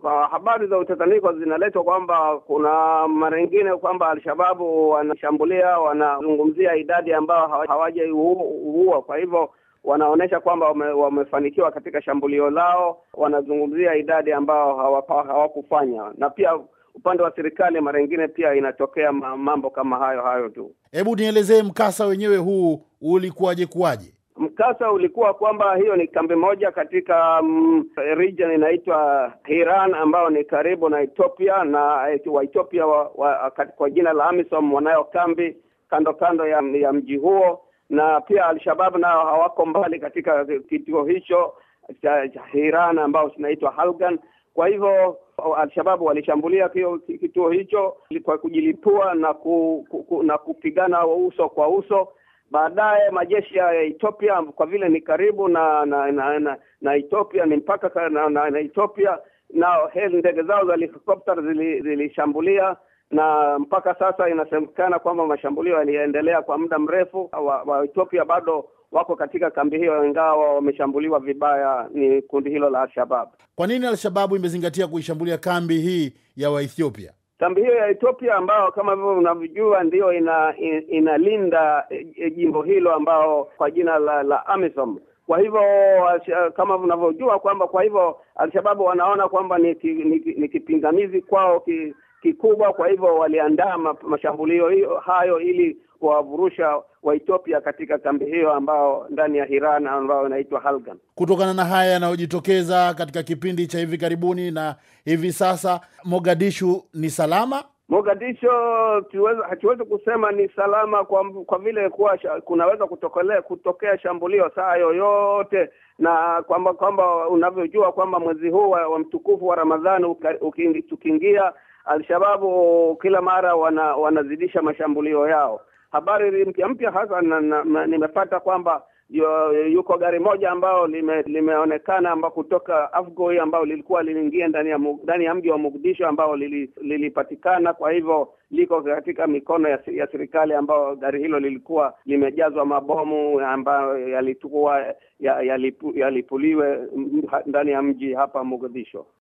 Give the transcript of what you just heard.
kwa habari za utatanifa zinaletwa kwamba kuna mara nyingine kwamba Alshababu wanashambulia, wanazungumzia idadi ambayo hawajaiua, kwa hivyo wanaonyesha kwamba wame, wamefanikiwa katika shambulio lao, wanazungumzia idadi ambayo hawakufanya hawa na pia upande wa serikali mara nyingine pia inatokea mambo kama hayo hayo tu. Hebu nielezee mkasa wenyewe huu ulikuwaje kuwaje? sasa ulikuwa kwamba hiyo ni kambi moja katika mm, region inaitwa Hiran ambayo ni karibu na Ethiopia na eh, Waethiopia wa, wa, kwa jina la AMISOM wanayo kambi kando kando ya, ya mji huo na pia Alshabab nao hawako mbali katika kituo hicho cha Hiran ambao kinaitwa Halgan. Kwa hivyo Alshababu walishambulia kituo hicho kwa kujilipua na, ku, ku, ku, na kupigana uso kwa uso Baadaye majeshi ya Ethiopia kwa vile ni karibu na na, na, na, na Ethiopia ni mpaka na, na, na Ethiopia nao ndege zao za helikopta zilishambulia zili na mpaka sasa inasemekana kwamba mashambulio yaliendelea kwa muda mrefu. Wa, wa Ethiopia bado wako katika kambi hiyo, ingawa wameshambuliwa vibaya ni kundi hilo la Alshabab. Kwa nini Alshababu imezingatia kuishambulia kambi hii ya Waethiopia? Kambi hiyo ya Ethiopia ambao kama vile unavyojua ndiyo ina, in, inalinda e, e, jimbo hilo ambao kwa jina la, la AMISOM. Kwa hivyo uh, kama unavyojua kwamba kwa hivyo Alshababu wanaona kwamba ni, ki, ni, ni kipingamizi kwao ki, kikubwa. Kwa hivyo waliandaa mashambulio hayo ili kuwavurusha Waethiopia katika kambi hiyo ambao ndani ya Hiran ambayo inaitwa Halgan. Kutokana na haya yanayojitokeza katika kipindi cha hivi karibuni na hivi sasa, Mogadishu ni salama? Mogadisho hatuwezi kusema ni salama kwa, kwa vile kuwa kunaweza kutokole, kutokea shambulio saa yoyote, na kwamba kwamba unavyojua kwamba mwezi huu wa, wa mtukufu wa Ramadhani tukiingia Alshababu oh, kila mara wana, wanazidisha mashambulio yao. Habari mpya mpya hasa nimepata kwamba yuko gari moja ambayo lime, limeonekana ambao kutoka Afgoi ambao lilikuwa liliingia ndani ya ndani ya mji wa Mogadishu ambao lilipatikana. Kwa hivyo liko katika mikono ya, ya serikali ambao gari hilo lilikuwa limejazwa mabomu ambayo yalitukua yalipuliwe ya ndani ya mji hapa Mogadishu.